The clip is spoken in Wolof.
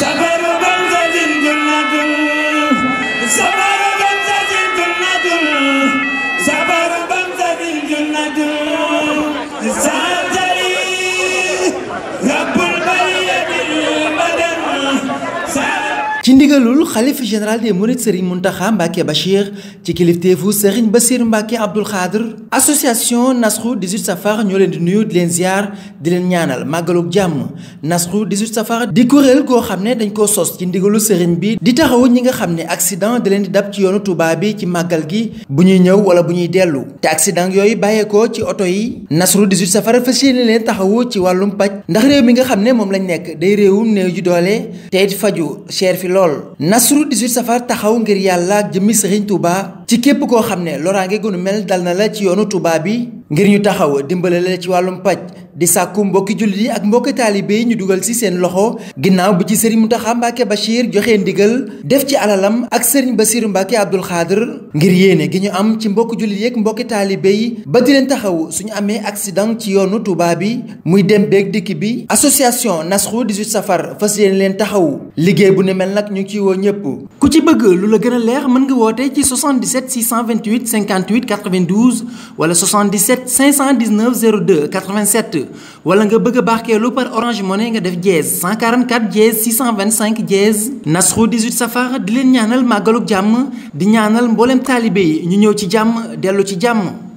sabar ci ndigalul xalifa général des mourides Serigne Mountakha Mbacké Bachir ci kilifteefu Serigne Bassirou Mbacké Abdoul Khadr association Nasrou 18 Safar ñoo leen di nuyu di leen ziar di leen ñaanal màggalug jàmm Nasrou 18 Safar di kuréel goo xam ne dañ koo sos ci ndigalu Serigne bi di taxawu ñi nga xam ne accident di leen di dab ci yoonu tubaab bi ci màggal gi bu ñuy ñëw wala bu ñuy dellu te accident yooyu bàyyeekoo ci oto yi Nasrou 18 Safar fas yéene leen taxawu ci wàllum paj ndax réew mi nga xam ne moom lañ nekk day réewum néew ju doole te it lool Nasru 18 safar taxaw ngir yàlla jëmmi Sëriñ Tuuba ci képp koo xam ne loraange gunu mel dal na la ci yoonu Touba bi ngir ñu taxaw dimbale la ci wàllum paj di sàkku mbokki jullit yi ak mbokki taalibe yi ñu dugal ci seen loxo ginnaaw bi ci sëriñ Mountakha Mbacké Bachir joxe ndigal def ci alalam ak sëriñ Bassirou Mbacké Abdoul Khadr ngir yéene gi ñu am ci mbokki jullit yi ak mbokki taalibe yi ba di leen taxaw su ñu amee accident ci yoonu Touba bi muy dem beeg dikk bi association Nasrou 18 Safar fas yéene leen taxaw liggéey bu ne mel nag ñu ngi ciy 77 628 58 92 wala 77 519 02 87 wala nga bëgg a barkeelu par Orange Money nga def dièse 144 dièse 625 dièse Nasrou 18 safar di leen ñaanal màggaluk jàmm di ñaanal mboolem taalibe yi ñu ñëw ci jàmm dellu ci jàmm.